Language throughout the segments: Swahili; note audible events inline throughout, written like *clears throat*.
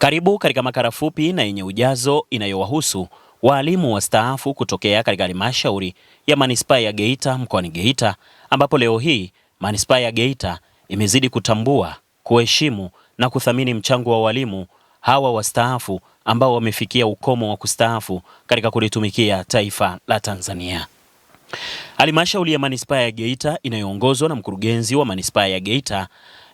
Karibu katika makala fupi na yenye ujazo inayowahusu waalimu wastaafu kutokea katika halmashauri ya manispaa ya Geita mkoani Geita, ambapo leo hii manispaa ya Geita imezidi kutambua, kuheshimu na kuthamini mchango wa walimu hawa wastaafu ambao wamefikia ukomo wa kustaafu katika kulitumikia taifa la Tanzania. Halmashauri ya manispaa ya Geita inayoongozwa na mkurugenzi wa manispaa ya Geita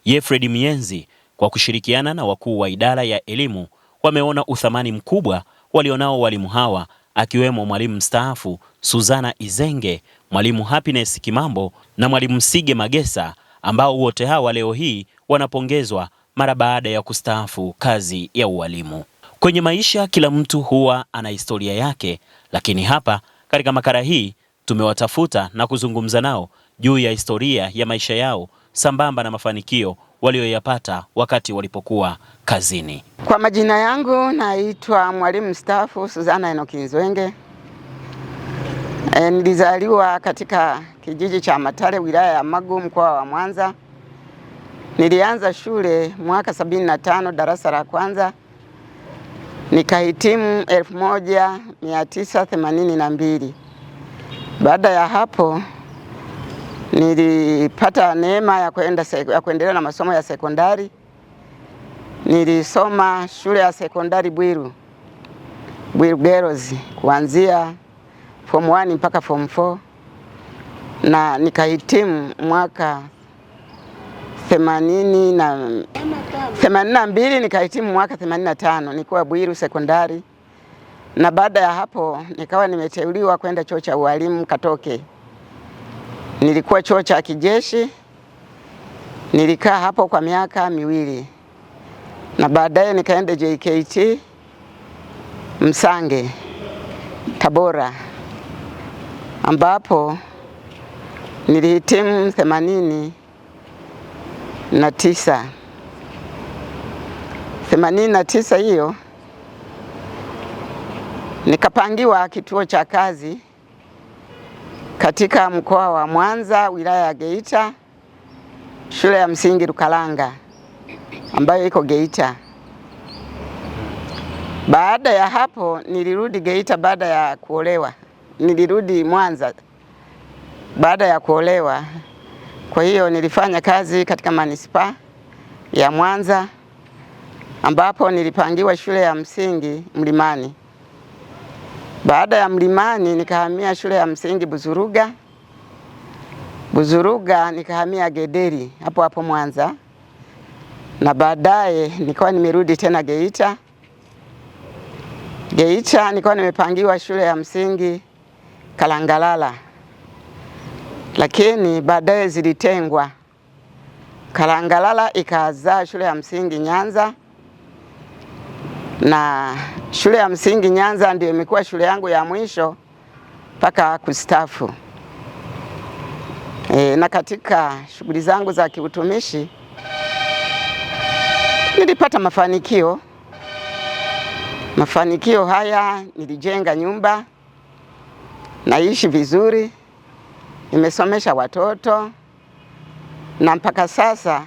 Yefred Mienzi kwa kushirikiana na wakuu wa idara ya elimu, wameona uthamani mkubwa walionao walimu hawa akiwemo mwalimu mstaafu Suzana Izenge, mwalimu Happiness Kimambo na mwalimu Sige Magesa ambao wote hawa leo hii wanapongezwa mara baada ya kustaafu kazi ya ualimu. Kwenye maisha kila mtu huwa ana historia yake, lakini hapa katika makala hii tumewatafuta na kuzungumza nao juu ya historia ya maisha yao sambamba na mafanikio walioyapata wakati walipokuwa kazini. Kwa majina yangu naitwa mwalimu mstaafu Suzana Enoki Nzwenge. E, nilizaliwa katika kijiji cha Matale wilaya ya Magu mkoa wa Mwanza. Nilianza shule mwaka 75 darasa la kwanza nikahitimu 1982. Baada ya hapo Nilipata neema ya kwenda ya kuendelea na masomo ya sekondari. Nilisoma shule ya sekondari Bwiru Bwiru Girls kuanzia form 1 mpaka form 4 na nikahitimu mwaka themanini na themanini na mbili nikahitimu mwaka themanini na tano nikuwa Bwiru sekondari, na baada ya hapo nikawa nimeteuliwa kwenda chuo cha ualimu Katoke. Nilikuwa chuo cha kijeshi, nilikaa hapo kwa miaka miwili na baadaye nikaenda JKT Msange Tabora, ambapo nilihitimu themanini na tisa themanini na tisa hiyo nikapangiwa kituo cha kazi katika mkoa wa Mwanza, wilaya ya Geita, shule ya msingi Lukalanga ambayo iko Geita. Baada ya hapo nilirudi Geita baada ya kuolewa, nilirudi Mwanza baada ya kuolewa. Kwa hiyo nilifanya kazi katika manispaa ya Mwanza ambapo nilipangiwa shule ya msingi Mlimani. Baada ya Mlimani nikahamia shule ya msingi Buzuruga. Buzuruga nikahamia Gederi hapo hapo Mwanza, na baadaye nikawa nimerudi tena Geita. Geita nikawa nimepangiwa shule ya msingi Kalangalala, lakini baadaye zilitengwa. Kalangalala ikazaa shule ya msingi Nyanza na shule ya msingi Nyanza ndio imekuwa shule yangu ya mwisho mpaka kustafu. E, na katika shughuli zangu za kiutumishi nilipata mafanikio. Mafanikio haya nilijenga nyumba, naishi vizuri, nimesomesha watoto na mpaka sasa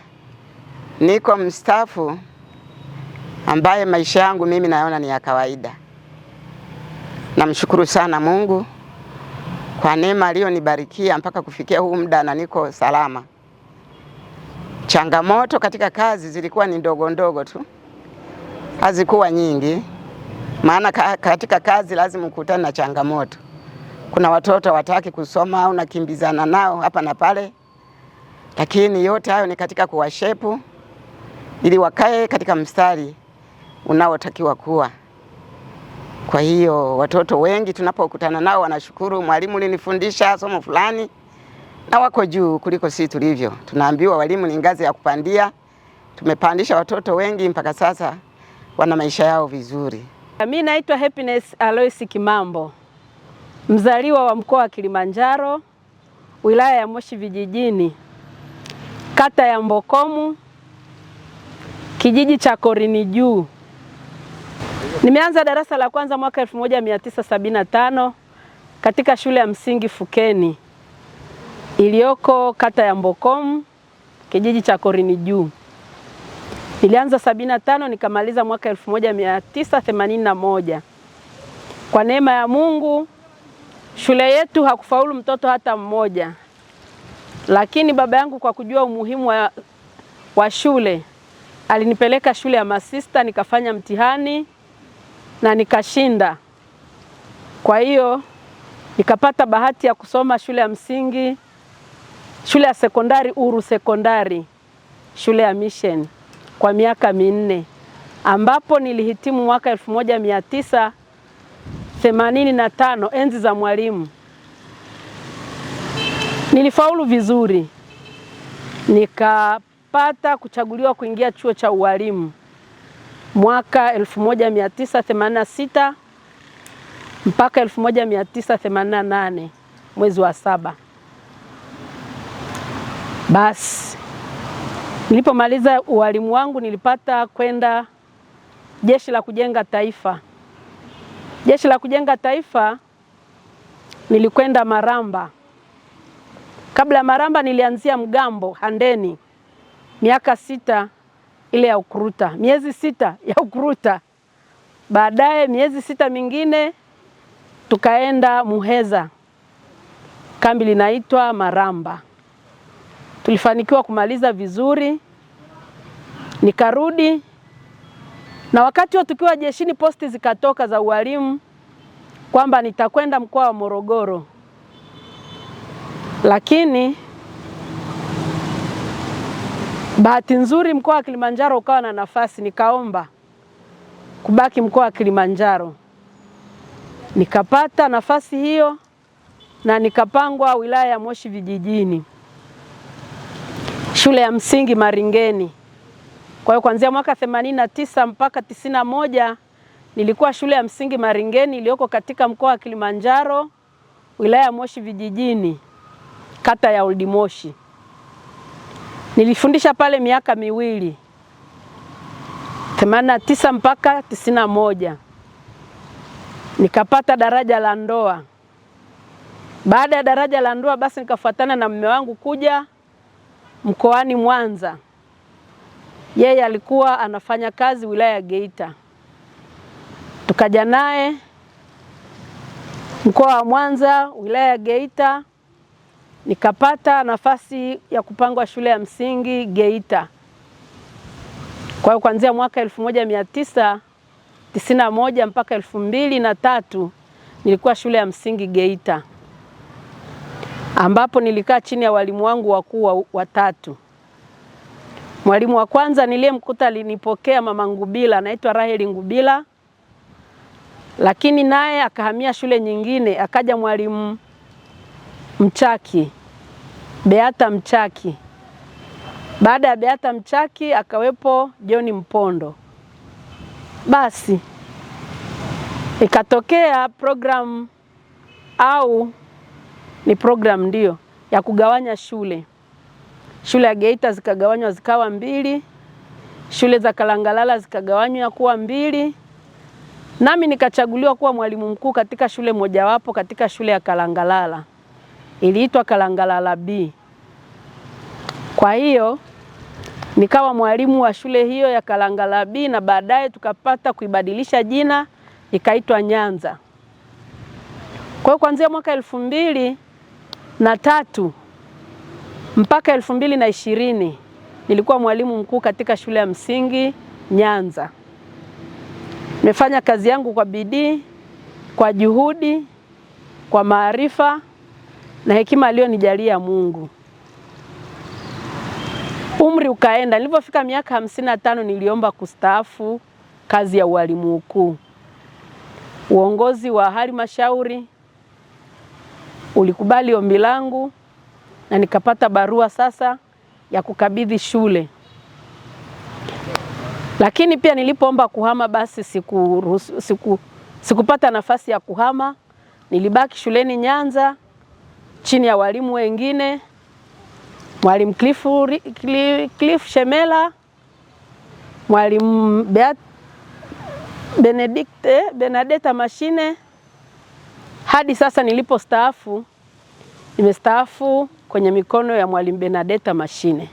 niko mstaafu ambaye maisha yangu mimi naona ni ya kawaida. Namshukuru sana Mungu kwa neema aliyonibarikia mpaka kufikia huu muda na niko salama. Changamoto katika kazi zilikuwa ni ndogo ndogo tu, hazikuwa nyingi, maana katika kazi lazima ukutane na changamoto. Kuna watoto wataki kusoma au nakimbizana nao hapa na pale, lakini yote hayo ni katika kuwashepu ili wakae katika mstari unaotakiwa kuwa. Kwa hiyo watoto wengi tunapokutana nao wanashukuru, mwalimu ulinifundisha somo fulani, na wako juu kuliko sisi tulivyo. Tunaambiwa walimu ni ngazi ya kupandia. Tumepandisha watoto wengi mpaka sasa wana maisha yao vizuri. Mimi naitwa Happiness Alois Kimambo, mzaliwa wa mkoa wa Kilimanjaro, wilaya ya Moshi vijijini, kata ya Mbokomu, kijiji cha Korini Juu. Nimeanza darasa la kwanza mwaka 1975 katika shule ya msingi Fukeni iliyoko kata ya mbokom kijiji cha Korini Juu. Nilianza 75 nikamaliza mwaka 1981. Kwa neema ya Mungu shule yetu hakufaulu mtoto hata mmoja, lakini baba yangu kwa kujua umuhimu wa, wa shule alinipeleka shule ya masista nikafanya mtihani na nikashinda. Kwa hiyo nikapata bahati ya kusoma shule ya msingi, shule ya sekondari Uru Sekondari, shule ya mission kwa miaka minne ambapo nilihitimu mwaka 1985 enzi za Mwalimu. Nilifaulu vizuri nikapata kuchaguliwa kuingia chuo cha ualimu mwaka 1986 mpaka 1988 mwezi wa saba. Basi nilipomaliza ualimu wangu nilipata kwenda Jeshi la Kujenga Taifa. Jeshi la Kujenga Taifa nilikwenda Maramba. Kabla ya Maramba nilianzia Mgambo Handeni miaka sita ile ya ukuruta, miezi sita ya ukuruta. Baadaye miezi sita mingine tukaenda Muheza, kambi linaitwa Maramba. Tulifanikiwa kumaliza vizuri, nikarudi. Na wakati huo tukiwa jeshini, posti zikatoka za ualimu kwamba nitakwenda mkoa wa Morogoro, lakini Bahati nzuri mkoa wa Kilimanjaro ukawa na nafasi, nikaomba kubaki mkoa wa Kilimanjaro, nikapata nafasi hiyo na nikapangwa wilaya ya Moshi vijijini, shule ya msingi Maringeni. Kwa hiyo kuanzia mwaka 89 mpaka 91 nilikuwa shule ya msingi Maringeni iliyoko katika mkoa wa Kilimanjaro, wilaya ya Moshi vijijini, kata ya Old Moshi. Nilifundisha pale miaka miwili 89 mpaka 91, nikapata daraja la ndoa. Baada ya daraja la ndoa basi nikafuatana na mume wangu kuja mkoani Mwanza. Yeye alikuwa anafanya kazi wilaya ya Geita, tukaja naye mkoa wa Mwanza wilaya ya Geita nikapata nafasi ya kupangwa shule ya msingi Geita. Kwa hiyo kuanzia mwaka 1991 mpaka elfu mbili na tatu nilikuwa shule ya msingi Geita, ambapo nilikaa chini ya walimu wangu wakuu watatu. Mwalimu wa kwanza niliyemkuta alinipokea mama Ngubila, anaitwa Raheli Ngubila, lakini naye akahamia shule nyingine, akaja mwalimu Mchaki, Beata Mchaki. Baada ya Beata Mchaki akawepo John Mpondo. Basi ikatokea programu au ni programu ndio ya kugawanya shule. Shule ya Geita zikagawanywa zikawa mbili, shule za Kalangalala zikagawanywa kuwa mbili, nami nikachaguliwa kuwa mwalimu mkuu katika shule mojawapo, katika shule ya Kalangalala iliitwa Kalangalala B. Kwa hiyo nikawa mwalimu wa shule hiyo ya Kalangalala B na baadaye tukapata kuibadilisha jina ikaitwa Nyanza. Kwa hiyo kuanzia mwaka elfu mbili na tatu mpaka elfu mbili na ishirini nilikuwa mwalimu mkuu katika shule ya msingi Nyanza. Nimefanya kazi yangu kwa bidii, kwa juhudi, kwa maarifa na hekima aliyonijalia Mungu. Umri ukaenda, nilipofika miaka hamsini na tano niliomba kustaafu kazi ya ualimu mkuu. Uongozi wa halmashauri ulikubali ombi langu na nikapata barua sasa ya kukabidhi shule, lakini pia nilipoomba kuhama basi siku, siku, sikupata nafasi ya kuhama. Nilibaki shuleni Nyanza chini ya walimu wengine, mwalimu Cliff, Cliff Shemela, mwalimu Beat, Benadeta eh, Mashine. Hadi sasa nilipo staafu, nimestaafu kwenye mikono ya mwalimu Benadeta Mashine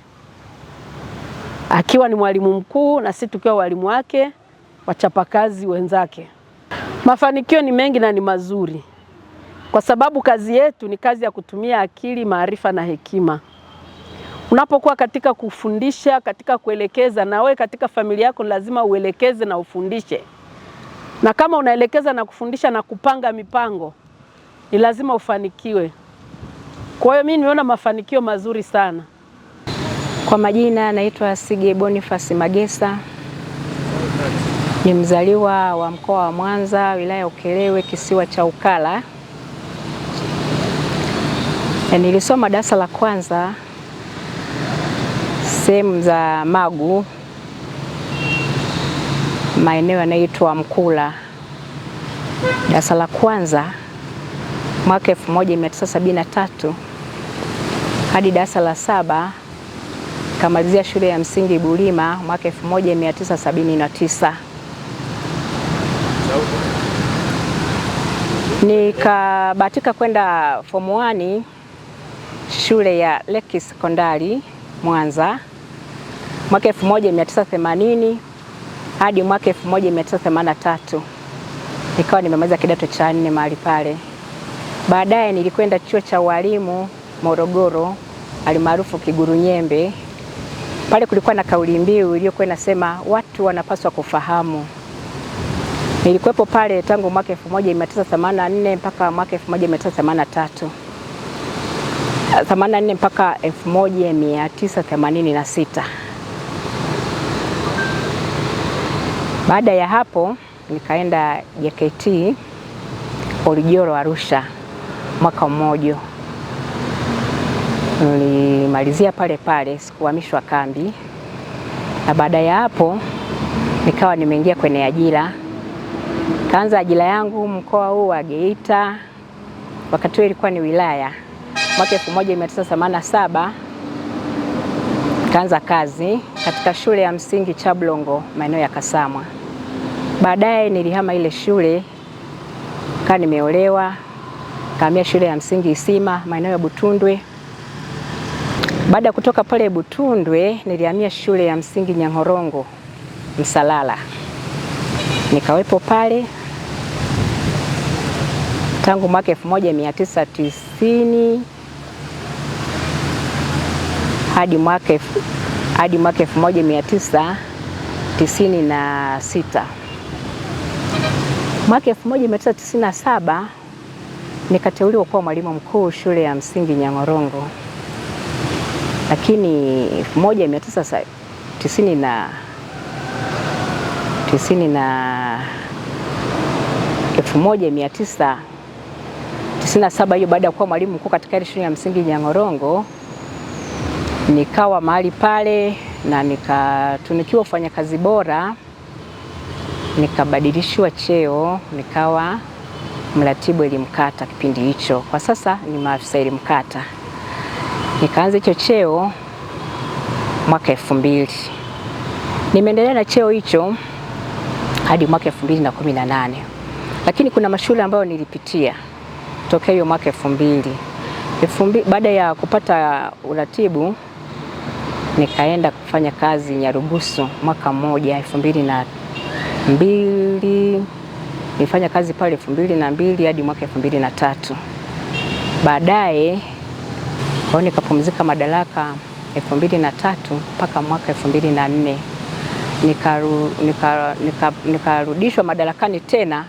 akiwa ni mwalimu mkuu na sisi tukiwa walimu wake wachapakazi wenzake. Mafanikio ni mengi na ni mazuri kwa sababu kazi yetu ni kazi ya kutumia akili, maarifa na hekima. Unapokuwa katika kufundisha, katika kuelekeza, na we katika familia yako lazima uelekeze na ufundishe, na kama unaelekeza na kufundisha na kupanga mipango, ni lazima ufanikiwe. Kwa hiyo mimi nimeona mafanikio mazuri sana. Kwa majina naitwa Sige Boniface Magesa, ni mzaliwa wa mkoa wa Mwanza, wilaya ya Ukerewe, kisiwa cha Ukala. Eh, nilisoma darasa la kwanza sehemu za Magu, maeneo yanayoitwa Mkula, darasa la kwanza mwaka 1973 hadi darasa la saba kamalizia shule ya msingi Bulima mwaka 1979. Nikabahatika kwenda form 1 shule ya Leki Sekondari Mwanza mwaka 1980 hadi mwaka 1983 nikawa nimemaliza kidato cha nne mahali pale. Baadaye nilikwenda chuo cha walimu Morogoro alimaarufu Kigurunyembe. Pale kulikuwa na kauli mbiu iliyokuwa inasema watu wanapaswa kufahamu. Nilikuwepo pale tangu mwaka 1984 mpaka mwaka 1983. 84 mpaka 1986. Baada ya hapo nikaenda JKT Oljoro Arusha mwaka mmoja, nilimalizia pale pale, sikuhamishwa kambi, na baada ya hapo nikawa nimeingia kwenye ajira, kaanza ajira yangu mkoa huu wa Geita, wakati huo ilikuwa ni wilaya mwaka 1987 kaanza kazi katika shule ya msingi Chablongo maeneo ya Kasamwa. Baadaye nilihama ile shule kaa, nimeolewa kahamia shule ya msingi Isima maeneo ya Butundwe. Baada ya kutoka pale Butundwe nilihamia shule ya msingi Nyang'orongo Msalala, nikawepo pale tangu mwaka 1990 hadi mwaka hadi mwaka 1996. Mwaka 1997 nikateuliwa kuwa mwalimu mkuu shule ya msingi Nyang'orongo, lakini tisini na tisini na elfu moja mia tisa tisini na saba hiyo, baada ya kuwa mwalimu mkuu katika ile shule ya msingi Nyang'orongo nikawa mahali pale na nikatunikiwa ufanyakazi bora, nikabadilishiwa cheo, nikawa mratibu elimu kata kipindi hicho. Kwa sasa ni maafisa elimu kata. Nikaanza hicho cheo mwaka elfu mbili nimeendelea na cheo hicho hadi mwaka elfu mbili na kumi na nane lakini kuna mashule ambayo nilipitia tokea hiyo mwaka elfu mbili baada ya kupata uratibu nikaenda kufanya kazi Nyarugusu mwaka mmoja elfu mbili na mbili nilifanya kazi pale elfu mbili na mbili hadi mwaka elfu mbili na tatu baadaye kwao nikapumzika madaraka elfu mbili na tatu mpaka mwaka elfu mbili na nne nikarudishwa nika, nika, nika madarakani tena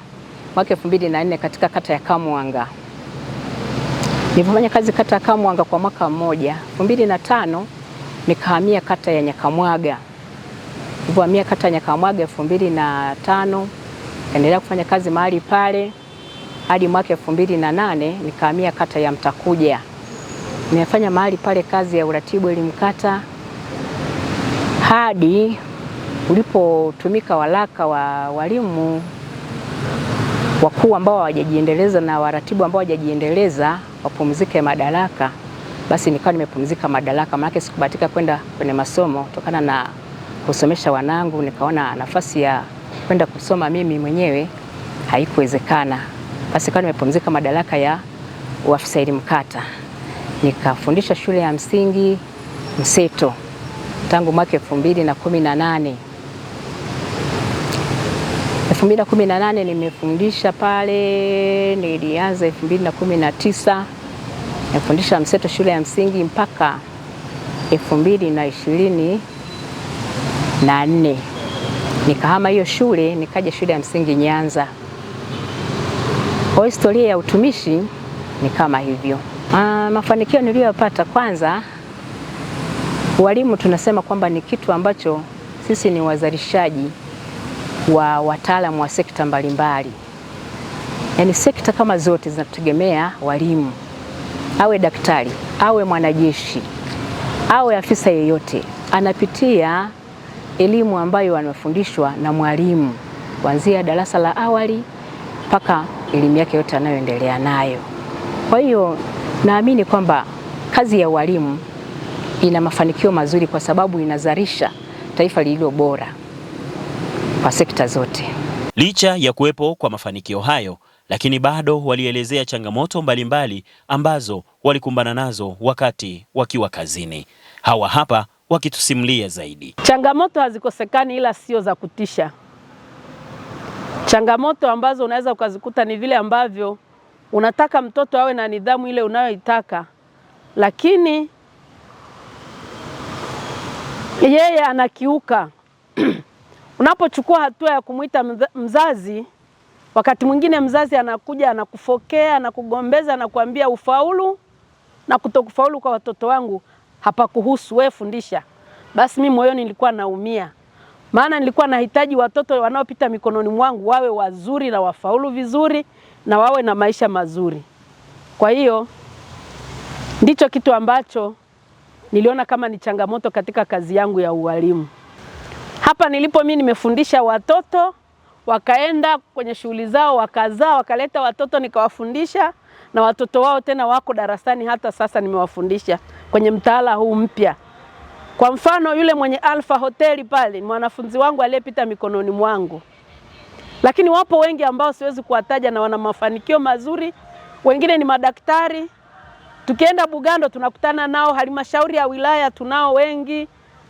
mwaka elfu mbili na nne katika kata ya Kamwanga. Nilifanya kazi kata ya Kamwanga kwa mwaka mmoja elfu mbili na tano nikahamia kata ya Nyakamwaga. Nilipohamia kata ya Nyakamwaga elfu mbili na tano endelea kufanya kazi mahali pale hadi mwaka elfu mbili na nane nikahamia kata ya Mtakuja. Nimefanya mahali pale kazi ya uratibu elimu kata hadi ulipotumika waraka wa walimu wakuu ambao hawajajiendeleza na waratibu ambao hawajajiendeleza wapumzike madaraka basi nikawa nimepumzika madaraka, maanake sikubahatika kwenda kwenye masomo kutokana na kusomesha wanangu. Nikaona nafasi ya kwenda kusoma mimi mwenyewe haikuwezekana, basi nikawa nimepumzika madaraka ya uafisa elimu kata, nikafundisha shule ya msingi Mseto tangu mwaka elfu mbili na kumi na nane. Elfu mbili na kumi na nane nimefundisha pale, nilianza elfu mbili na kumi na tisa ya mseto shule ya msingi mpaka elfu mbili na ishirini na nne nikahama hiyo shule nikaja shule ya msingi Nyanza. Kwa historia ya utumishi ni kama hivyo. Aa, ah, mafanikio niliyopata, kwanza walimu tunasema kwamba ni kitu ambacho sisi ni wazalishaji wa wataalamu wa sekta mbalimbali, yaani sekta kama zote zinategemea walimu awe daktari, awe mwanajeshi, awe afisa yeyote, anapitia elimu ambayo anafundishwa na mwalimu kuanzia darasa la awali mpaka elimu yake yote anayoendelea nayo. Kwa hiyo naamini kwamba kazi ya walimu ina mafanikio mazuri kwa sababu inazalisha taifa lililo bora kwa sekta zote. Licha ya kuwepo kwa mafanikio hayo lakini bado walielezea changamoto mbalimbali ambazo walikumbana nazo wakati wakiwa kazini. Hawa hapa wakitusimulia zaidi. Changamoto hazikosekani, ila sio za kutisha. Changamoto ambazo unaweza ukazikuta ni vile ambavyo unataka mtoto awe na nidhamu ile unayoitaka, lakini yeye anakiuka. *clears throat* Unapochukua hatua ya kumwita mzazi Wakati mwingine mzazi anakuja anakufokea, anakugombeza, anakuambia ufaulu na kutokufaulu kwa watoto wangu hapakuhusu wewe, fundisha. Basi mimi moyoni nilikuwa naumia, maana nilikuwa nahitaji watoto wanaopita mikononi mwangu wawe wazuri na wafaulu vizuri na wawe na maisha mazuri. Kwa hiyo ndicho kitu ambacho niliona kama ni changamoto katika kazi yangu ya ualimu. Hapa nilipo mimi nimefundisha watoto wakaenda kwenye shughuli zao, wakazaa, wakaleta watoto nikawafundisha, na watoto wao tena wako darasani hata sasa, nimewafundisha kwenye mtaala huu mpya. Kwa mfano yule mwenye Alfa Hoteli pale ni mwanafunzi wangu aliyepita mikononi mwangu, lakini wapo wengi ambao siwezi kuwataja na wana mafanikio mazuri, wengine ni madaktari. Tukienda Bugando tunakutana nao, halmashauri ya wilaya tunao wengi,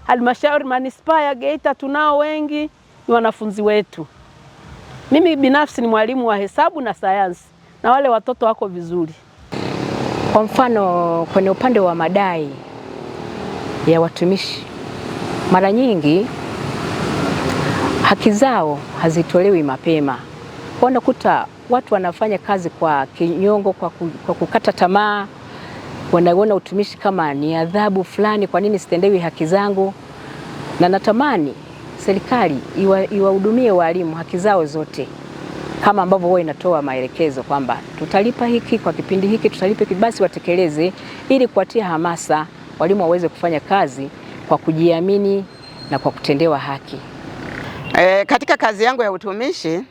halmashauri manispaa ya Geita tunao wengi, ni wanafunzi wetu. Mimi binafsi ni mwalimu wa hesabu na sayansi, na wale watoto wako vizuri. Kwa mfano kwenye upande wa madai ya watumishi, mara nyingi haki zao hazitolewi mapema, kwa unakuta watu wanafanya kazi kwa kinyongo, kwa, ku, kwa kukata tamaa. Wanaona utumishi kama ni adhabu fulani, kwa nini sitendewi haki zangu? Na natamani serikali iwahudumie walimu haki zao zote kama ambavyo huwa inatoa maelekezo kwamba tutalipa hiki kwa kipindi hiki, tutalipa hiki, basi watekeleze, ili kuwatia hamasa walimu waweze kufanya kazi kwa kujiamini na kwa kutendewa haki. E, katika kazi yangu ya utumishi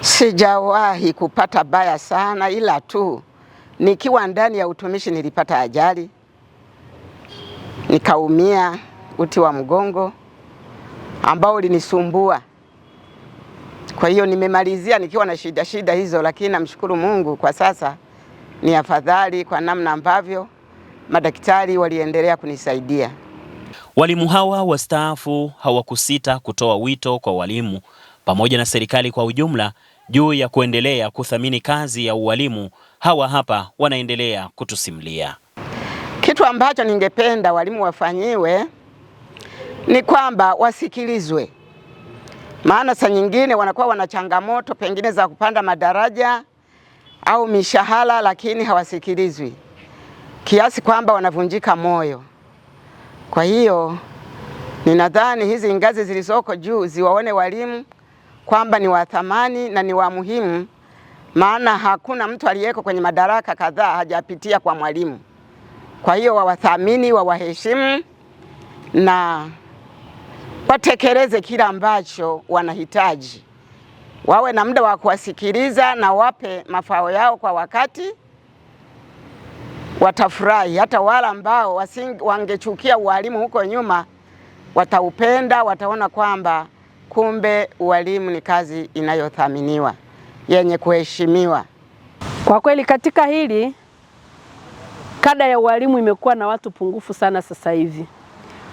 sijawahi kupata baya sana, ila tu nikiwa ndani ya utumishi nilipata ajali nikaumia uti wa mgongo ambao ulinisumbua. Kwa hiyo nimemalizia nikiwa na shida shida hizo, lakini namshukuru Mungu kwa sasa ni afadhali kwa namna ambavyo madaktari waliendelea kunisaidia. Walimu hawa wastaafu hawakusita kutoa wito kwa walimu pamoja na serikali kwa ujumla juu ya kuendelea kuthamini kazi ya ualimu. Hawa hapa wanaendelea kutusimulia kitu ambacho ningependa walimu wafanyiwe ni kwamba wasikilizwe, maana saa nyingine wanakuwa wana changamoto pengine za kupanda madaraja au mishahara, lakini hawasikilizwi kiasi kwamba wanavunjika moyo. Kwa hiyo ninadhani hizi ngazi zilizoko juu ziwaone walimu kwamba ni wa thamani na ni wa muhimu, maana hakuna mtu aliyeko kwenye madaraka kadhaa hajapitia kwa mwalimu. Kwa hiyo wawathamini, wawaheshimu na watekeleze kile ambacho wanahitaji, wawe na muda wa kuwasikiliza na wape mafao yao kwa wakati, watafurahi. Hata wale ambao wangechukia ualimu huko nyuma wataupenda, wataona kwamba kumbe ualimu ni kazi inayothaminiwa yenye kuheshimiwa. Kwa kweli katika hili kada ya ualimu imekuwa na watu pungufu sana sasa hivi.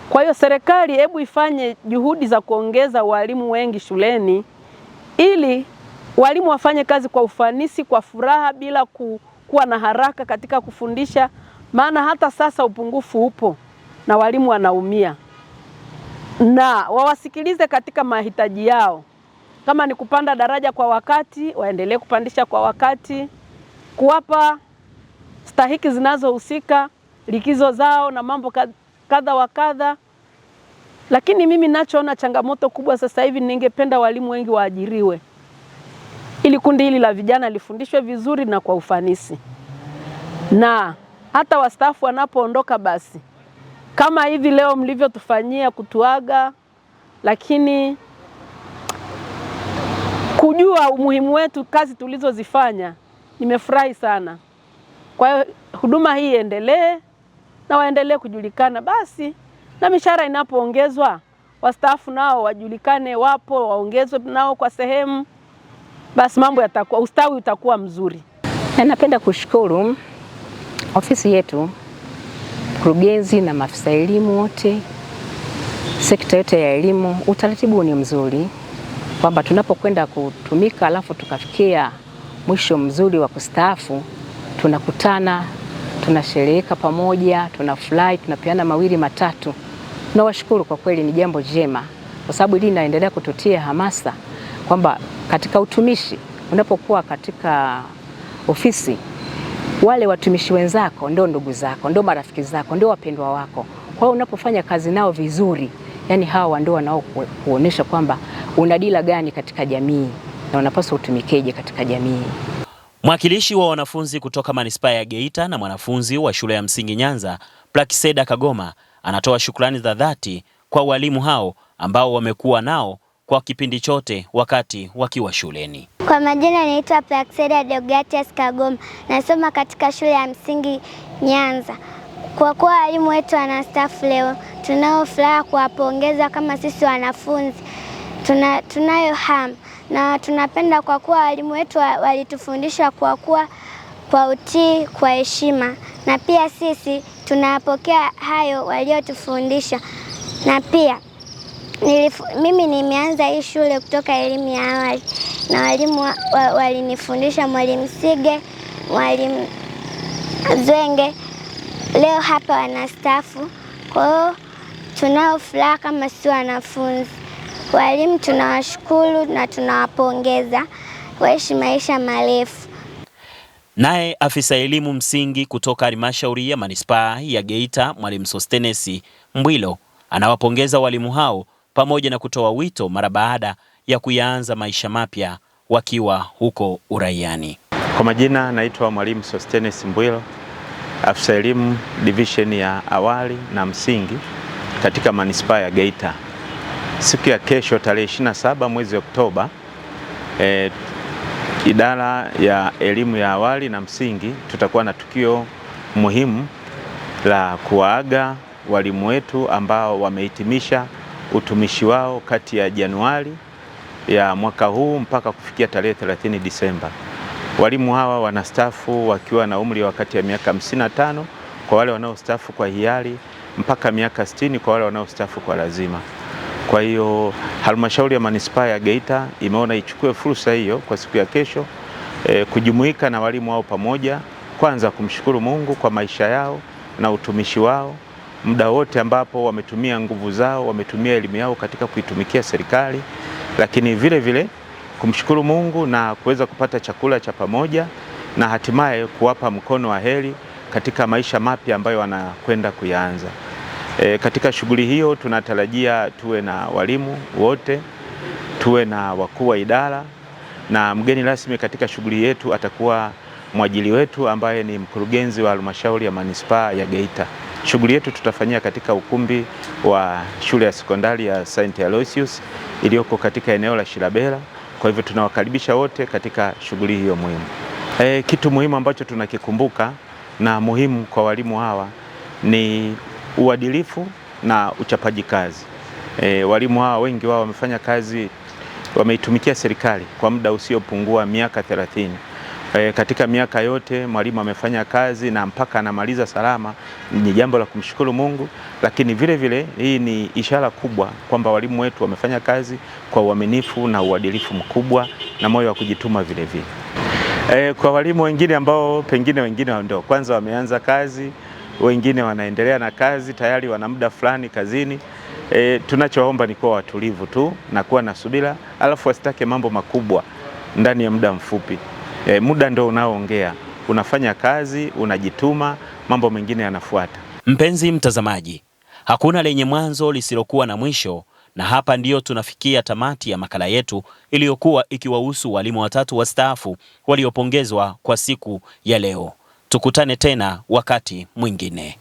Kwa hiyo serikali, hebu ifanye juhudi za kuongeza walimu wengi shuleni ili walimu wafanye kazi kwa ufanisi, kwa furaha, bila ku, kuwa na haraka katika kufundisha, maana hata sasa upungufu upo na walimu wanaumia, na wawasikilize katika mahitaji yao. Kama ni kupanda daraja kwa wakati, waendelee kupandisha kwa wakati, kuwapa stahiki zinazohusika likizo zao na mambo kadha wa kadha, lakini mimi nachoona changamoto kubwa sasa hivi, ningependa walimu wengi waajiriwe ili kundi hili la vijana lifundishwe vizuri na kwa ufanisi, na hata wastaafu wanapoondoka basi kama hivi leo mlivyotufanyia kutuaga, lakini kujua umuhimu wetu kazi tulizozifanya. Nimefurahi sana. Kwa hiyo huduma hii iendelee na waendelee kujulikana basi, na mishahara inapoongezwa wastaafu nao wajulikane, wapo waongezwe nao kwa sehemu, basi mambo yatakuwa, ustawi utakuwa mzuri. Na napenda kushukuru ofisi yetu, mkurugenzi na maafisa elimu wote, sekta yote ya elimu, utaratibu ni mzuri kwamba tunapokwenda kutumika alafu tukafikia mwisho mzuri wa kustaafu tunakutana tunashereheka pamoja, tunafurahi, tunapeana mawili matatu. nawashukuru kwa kweli, ni jambo jema, kwa sababu hili linaendelea kututia hamasa kwamba katika utumishi, unapokuwa katika ofisi, wale watumishi wenzako ndio ndugu zako, ndio marafiki zako, ndio wapendwa wako. Kwa hiyo unapofanya kazi nao vizuri, yani hawa ndio kuonesha kwamba una dira gani katika jamii na unapaswa utumikeje katika jamii. Mwakilishi wa wanafunzi kutoka manispaa ya Geita na mwanafunzi wa shule ya msingi Nyanza, Plakiseda Kagoma, anatoa shukrani za dhati kwa walimu hao ambao wamekuwa nao kwa kipindi chote wakati wakiwa shuleni. Kwa majina anaitwa Plakiseda Deogratias Kagoma, nasoma katika shule ya msingi Nyanza. Kwa kuwa walimu wetu wanastaafu leo, tunao furaha kuwapongeza kama sisi wanafunzi tunayo hamu na tunapenda kwa kuwa walimu wetu walitufundisha kwa kuwa kwa utii, kwa heshima, na pia sisi tunapokea hayo waliotufundisha. Na pia nilifu, mimi nimeanza hii shule kutoka elimu ya awali na walimu wa, wa, walinifundisha mwalimu Sige, mwalimu Zwenge, leo hapa wanastaafu. Kwa hiyo tunao furaha kama si wanafunzi. Walimu tunawashukuru na tunawapongeza, waishi maisha marefu. Naye afisa elimu msingi kutoka halmashauri ya manispaa ya Geita, mwalimu Sostenesi Mbwilo anawapongeza walimu hao pamoja na kutoa wito mara baada ya kuyaanza maisha mapya wakiwa huko uraiani. Kwa majina naitwa mwalimu Sostenes Mbwilo, afisa elimu divisheni ya awali na msingi katika manispaa ya Geita siku ya kesho tarehe 27 mwezi Oktoba e, idara ya elimu ya awali na msingi tutakuwa na tukio muhimu la kuwaaga walimu wetu ambao wamehitimisha utumishi wao kati ya Januari ya mwaka huu mpaka kufikia tarehe 30 Disemba. Walimu hawa wanastafu wakiwa na umri wa kati ya miaka 55 kwa wale wanaostafu kwa hiari mpaka miaka 60 kwa wale wanaostafu kwa lazima. Kwa hiyo halmashauri ya manispaa ya Geita imeona ichukue fursa hiyo kwa siku ya kesho e, kujumuika na walimu wao pamoja, kwanza kumshukuru Mungu kwa maisha yao na utumishi wao muda wote ambapo wametumia nguvu zao, wametumia elimu yao katika kuitumikia serikali, lakini vile vile kumshukuru Mungu na kuweza kupata chakula cha pamoja na hatimaye kuwapa mkono wa heri katika maisha mapya ambayo wanakwenda kuyaanza. E, katika shughuli hiyo tunatarajia tuwe na walimu wote, tuwe na wakuu wa idara na mgeni rasmi katika shughuli yetu atakuwa mwajili wetu ambaye ni mkurugenzi wa halmashauri ya manispaa ya Geita. Shughuli yetu tutafanyia katika ukumbi wa shule ya sekondari ya Saint Aloysius iliyoko katika eneo la Shirabela. Kwa hivyo tunawakaribisha wote katika shughuli hiyo muhimu. E, kitu muhimu ambacho tunakikumbuka na muhimu kwa walimu hawa ni uadilifu na uchapaji kazi. E, walimu hawa wengi wao wamefanya kazi, wameitumikia serikali kwa muda usiopungua miaka thelathini. E, katika miaka yote mwalimu amefanya kazi na mpaka anamaliza salama, ni jambo la kumshukuru Mungu, lakini vile vile hii ni ishara kubwa kwamba walimu wetu wamefanya kazi kwa uaminifu na uadilifu mkubwa na moyo wa kujituma vile vile. E, kwa walimu wengine ambao pengine wengine ndio kwanza wameanza kazi wengine wanaendelea na kazi tayari wana muda fulani kazini. E, tunachoomba ni kuwa watulivu tu na kuwa na subira, alafu wasitake mambo makubwa ndani ya muda mfupi. E, muda ndio unaoongea. Unafanya kazi, unajituma, mambo mengine yanafuata. Mpenzi mtazamaji, hakuna lenye mwanzo lisilokuwa na mwisho, na hapa ndiyo tunafikia tamati ya makala yetu iliyokuwa ikiwahusu walimu watatu wastaafu waliopongezwa kwa siku ya leo. Tukutane tena wakati mwingine.